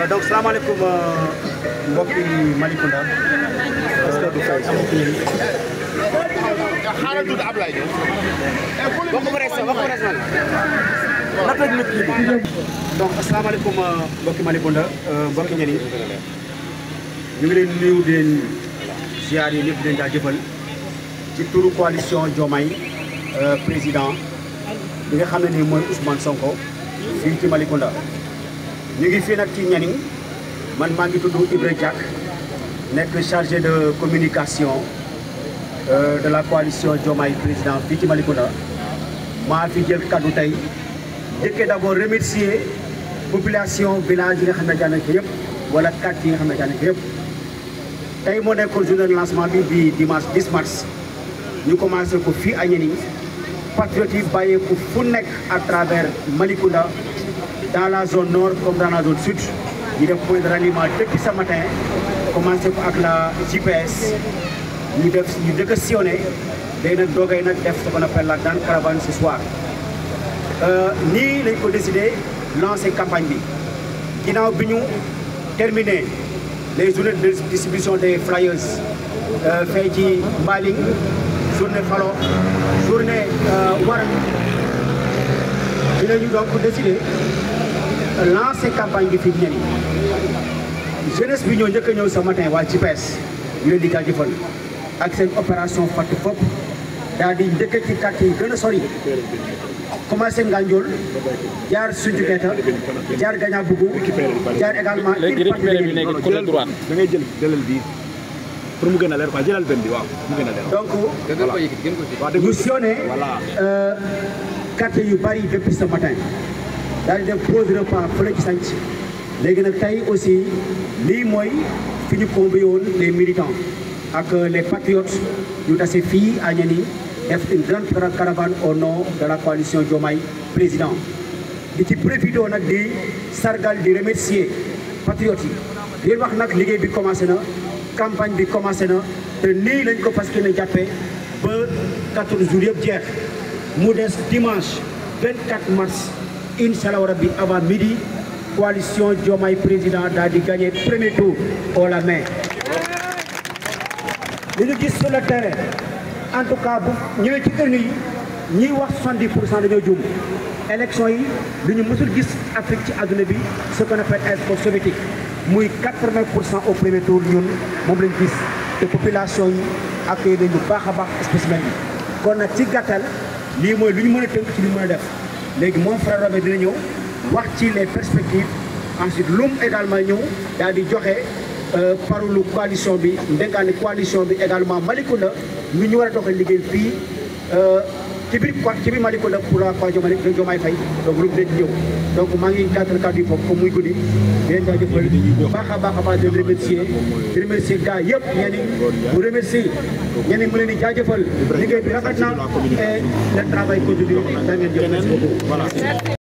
Euh, donc salaamaaleykum euh, mbokki Malicounda parce que du fay sama kii xaaral tuuti Ablaye ñëw mbokki Malicounda mbokki ñenn ñu ngi leen nuyu di leen ziar yi ñëpp di leen jaajëfal ci turu coalition Diomaye euh, président bi nga xam ne nii mooy Ousmane Sonko fii ci ñu ngi fii nag ci Nianing man maa ngi tudd Ibra Diack nekk chargé de communication euh, de la coalition Diomaye président fii ci Malicounda maa fi jël kaddu tey jëkkee d'abord remercier population village yi nga xam ne daanaka yëpp wala quartier yi nga xam ne daanaka yëpp tey moo nekkoon journée de lancement bi di dimanche 10 mars ñu commencé ko fii à Nianing patriote yi bàyyeeku fu nekk à travers Malicounda dans la zone nord comme dans la zone sud ñu def point de ralliement depuis ce matin commencé ko ak la GPS ñu def ñu njëkk a day nag doogay nag def ce qu'on appelle la grande caravane ce soir. Euh, nii lañ ko décidé lancer campagne bi ginnaaw bi ñu terminé les journées distribution des flyers euh, fee ci Mbaling journée Falo journée euh, War dinañu donc décidé. lancé campagne bi fi mu ne nii jeunesse ñoo njëkk a ñëw ce matin waa JPS ñu leen di jaajëfal ak seen opération fatt fopp daal di njëkk ci quartier yi gën a sori commencé Nganjol jaar Sinthiou Keita jaar Gagna Bougou jaar également. léegi récupéré bi nekk côté droite da ngay jël dalal bi pour mu gën a leer quoi jëlal benn bi waaw mu gën a leer. donc ñu sillonné euh, quartier yu bari depuis ce matin. daal def pause repas fële sanc léegi na tey aussi lii mooy fi ñu convié woon le militants ak euh, les patriotes ñu tase fii Agnani def une grande caravane au nom de la coalition président di ci profité nag di sargal di remercier patriotes yi di wax nag liggéey bi commencé na campagne bi commencé na te nii lañ ko fas yéene jàppee ba 14 jours jeex mu des dimanche 24 mars incha allah rabbi avant midi coalition Diomaye président daal di gagné premier tour au main. li ñu gis sur le terrain en tout cas bu ñëwee ci urne yi ñiy wax 70 pour cent dañoo juum élection yi lu ñu mësul gis Afrique ci àdduna bi ce qu'on appelle expo soviétique muy 80 pour cent au premier tour ñun moom lañ gis te population yi ak nañu bu baax a baax spécimen yi kon nag ci gàttal lii mooy lu ñu mën tënk ci li ñu def. léegi moom frère Robert dina ñëw wax ci les perspectives ensuite lum également ñëw daal di joxe euh, parolu coalition bi ndénkaani coalition bi également na ñu ñu war a doxee liggéey fii euh, ci biir ci biir Malicounda pour la croix Diomaye Diomaye Faye donc lu dinañ ñëw donc maa ngi gàttal kàddu yi foofu ko muy guddi di leen jaajëfal baax a baax a baax di remercier di remercier gars yëpp ñenn ñi mu remercier ñenn ñi mu leen di jaajëfal liggéey bi rafet na et le travail continue da ngeen jëf merci beaucoup voilà